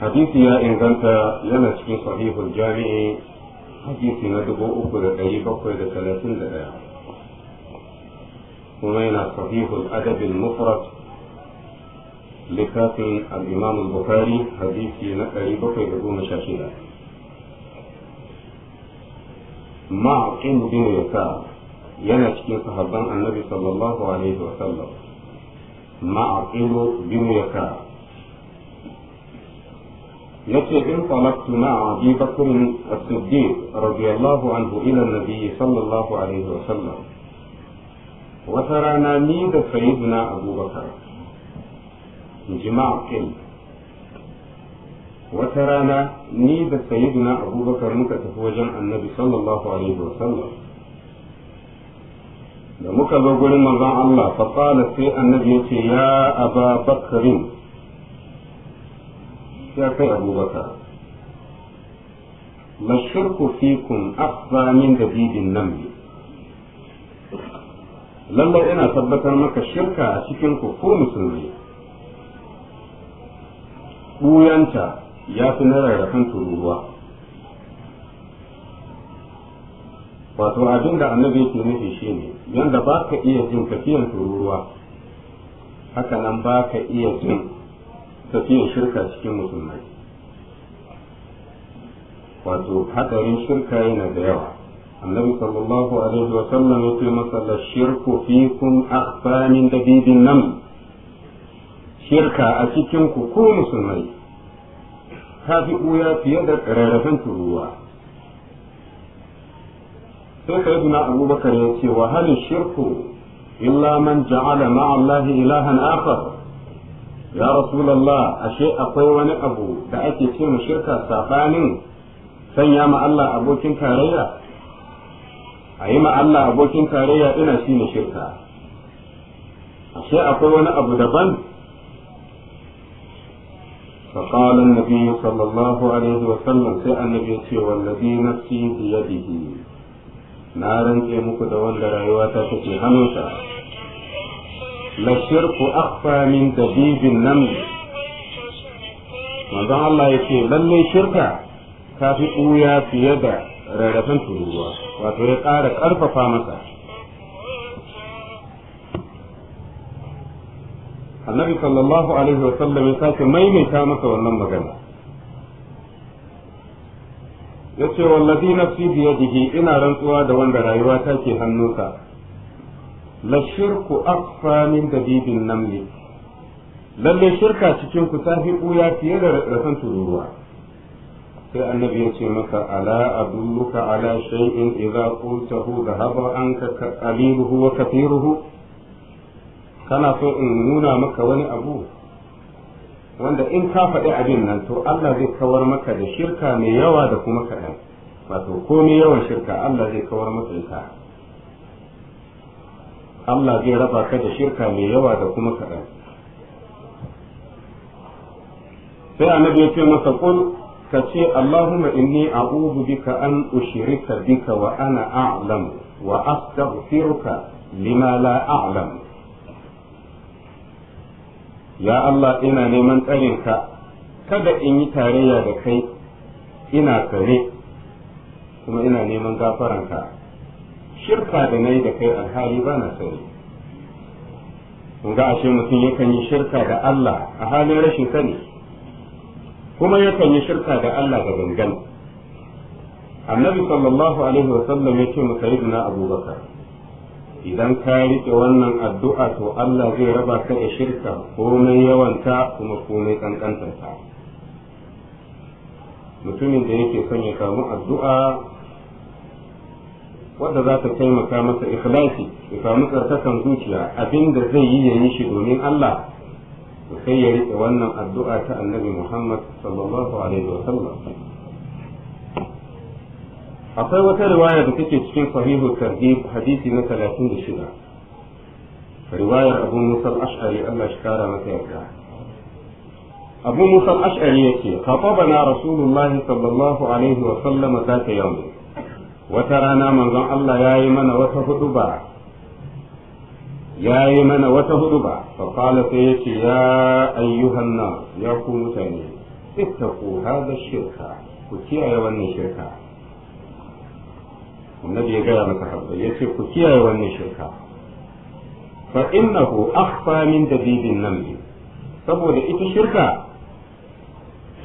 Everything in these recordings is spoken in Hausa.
حديث يا إن غنتا لما صحيح الجامعي حديثي ندبو أكد أي بقيد ثلاثين لدى ومين صحيح الأدب المفرد لكاتل الإمام البخاري حديثي نكري بقيد دون شاشينا ما عقيم دين يتا ينا تكي صحبان النبي صلى الله عليه وسلم ما عقيم بن يتا نتبعوا مع أبي بكر الصديق رضي الله عنه إلى النبي صلى الله عليه وسلم وترانا ميد سيدنا أبو بكر جماع كل وترانا ميد سيدنا أبو بكر متتفوجا النبي صلى الله عليه وسلم لمكبر قول الله فقال في النبي يا أبا بكر ya kai abubakar mashirku fikun afza min dabidin nan ne. lallai ina tabbatar maka shirka a cikin ku ko musulmi ɓuyanta ya fi na rarrafin tururuwa wato abin da annabi ke nufi shine yadda ba ka iya jin tafiyan tururuwa haka nan ba ka iya jin tafiyin shirka cikin musulmai wato hadarin shirka yana da yawa annabi sallallahu alaihi wa sallam yace masa la shirku fikum akhfa min dabibin nam shirka a cikin ku ko musulmai ta fi ɓuya fiye da rarrafin turuwa sai ka yi abubakar ya ce wa halin shirku illa man ja'ala ma'allahi ilahan akhar ya rasulallah ashe akwai wani abu da ake ce mu shirka safanin sanya ma Allah abokin tarayya a yi ma Allah abokin tarayya ina shi ne shirka ashe akwai wani abu daban فقال النبي صلى الله عليه وسلم سي النبي يتي والذي نفسي بيده نارا da مكو دوان ta تكي hannunsa. للشرك أخفى من دبيب النمل manzon Allah yace lallai shirka ta fi ɓuya fiye da rarrafen turuwa wato ya ƙara ƙarfafa masa annabi sallallahu alaihi wa sallam ya maimaita masa wannan magana ya ce wallazi nafsi biyadihi ina rantsuwa da wanda rayuwa ta ke hannunsa la shirku akfa min dabibin namli lalle shirka cikin ku fi ɓuya fiye da rasan tururuwa sai annabi ya ce maka ala adulluka ala shay'in idza qultahu dhahaba anka qaliluhu wa kathiruhu kana so in nuna maka wani abu wanda in ka faɗi abin nan to Allah zai kawar maka da shirka mai yawa da kuma kaɗan wato komai yawan shirka Allah zai kawar maka ita Allah zai raba ka da shirka mai yawa da kuma kaɗan sai annabi ya ce masa kul ka ce Allahumma inni a'udhu bika an ushrika bika wa ana a'lam wa astaghfiruka lima la a'lam ya Allah ina neman tsarinka kada in yi tarayya da kai ina kare kuma ina neman gafaranka shirka da nayi da kai alhali ba na sani ga ashe mutum yakan yi shirka da Allah a halin rashin sani kuma yakan yi shirka da Allah da gangan annabi sallallahu alaihi wasallam ya ce masa sayyidina abubakar idan ka rike wannan addu'a to Allah zai raba ka da shirka komai yawanta kuma komai ta. mutumin da yake son ya samu addu'a wanda za ta taimaka masa ikhlasi ya samu tsarkakan zuciya abin da zai yi ya yi shi domin Allah sai ya riƙe wannan addu'a ta annabi Muhammad sallallahu alaihi wa sallam akwai wata riwaya da take cikin sahihu targhib hadisi na 36 riwayar Abu Musa al-Ash'ari Allah shi kara masa yarda Abu Musa al-Ash'ari yake khatabana Rasulullahi sallallahu alaihi wa sallam zaka yawmin wata rana manzon Allah ya yi mana wata ba ya yi mana wata ba faƙala sai ya ce ya ayyuhan nan ya ku mutane ittaku hada shirka ku kiyaye wannan shirka annabi ya gaya maka habba ya ce ku kiyaye wannan shirka fa innahu akhfa min dabibin namli saboda ita shirka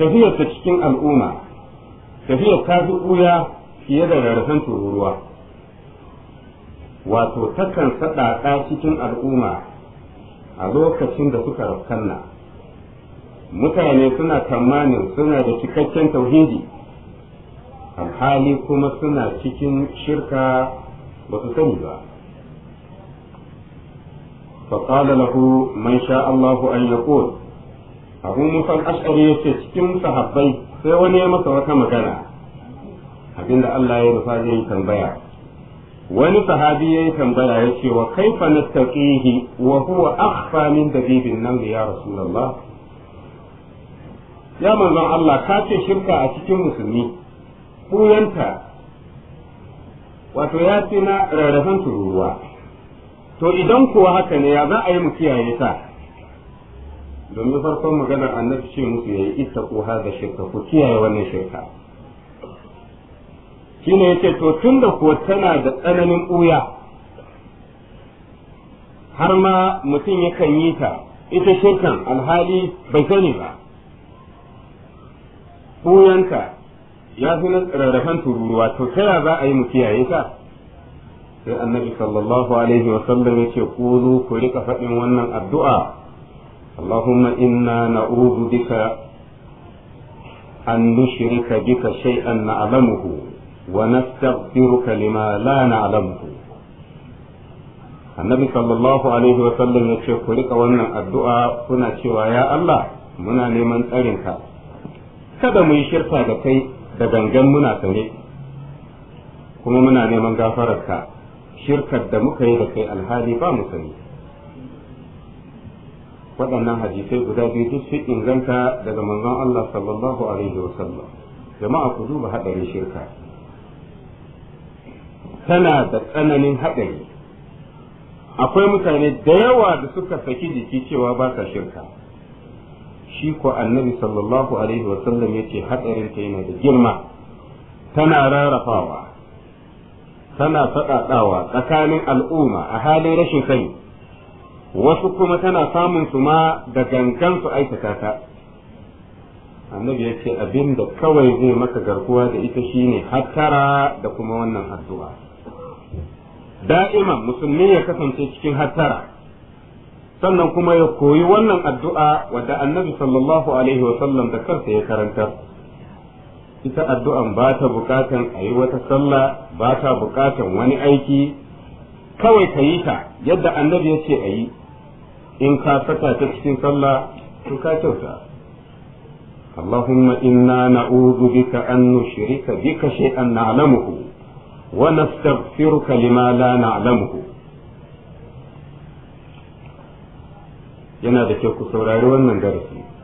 tafiyar ta cikin al'umma tafiyar ta fi ɓuya fiye da rarrafen tururuwa wato takan saɗaɗa cikin al'umma a lokacin da suka rafkanna mutane suna tamanin suna da cikakken tauhidi alhali kuma suna cikin shirka ba su sani ba فقال له من شاء الله أن يقول أبو موسى الأشعري sai صحابي سيوني مصر كما magana. abinda Allah ya rufa zai yi tambaya wani sahabi ya yi tambaya ya ce wa kaifa nastaqihi wa huwa akhfa min dabibin nan ya rasulullah ya manzon Allah ka ce shirka a cikin musulmi kuyanta wato ya ce na rarrafan tururuwa to idan kuwa haka ne ya za a yi mu kiyaye ta domin farkon magana annabi ce musu yayi ittaqu hadha shirka ku kiyaye wannan shirka shine yace to tunda ko tana da tsananin ɓuya har ma mutum yakan yi ta ita shirkan alhali bai sani ba ɓuyanta ya fi na rarrafan tururuwa to ta za a yi mu kiyaye ta sai annabi sallallahu alaihi wa sallam yace ku rika faɗin wannan addu'a اللهم إنا نعوذ an أن نشرك بك شيئا نعلمه ونستغفرك لما لا نعلمه النبي صلى الله عليه وسلم يقول لك وانا الدعاء كنا شوى يا الله منا لمن أرنك kada mu yi shirka da kai da gangan muna sane kuma muna neman gafararka shirkar da muka yi da kai alhali ba mu sani waɗannan hadisai guda biyu duk sun inganta daga manzon Allah sallallahu alaihi wasallam jama'a ku duba haɗarin shirka tana da tsananin haɗari akwai mutane da yawa da suka saki jiki cewa ba sa shirka shi ko annabi sallallahu alaihi wasallam ya ce ta yana da girma tana rarrafawa tana faɗaɗawa tsakanin al'umma a halin rashin kai wasu kuma tana samun su ma da gangan su aikata ta annabi ya ce abin da kawai zai maka garkuwa da ita shine hattara da kuma wannan addu'a da'iman musulmi ya kasance cikin hattara sannan kuma ya koyi wannan addu'a wadda annabi sallallahu alaihi wasallam da kansa ya karanta ita addu'an ba ta bukatan a yi wata sallah ba ta bukatan wani aiki kawai ka yi ta yadda annabi ya ce a yi in ka saka ta cikin sallah to ka kyauta اللهم إنا نعوذ بك أن نشرك بك شيئا نعلمه wa nastaghfiruka lima la na'lamuhu yana da kyau ku saurari wannan darasi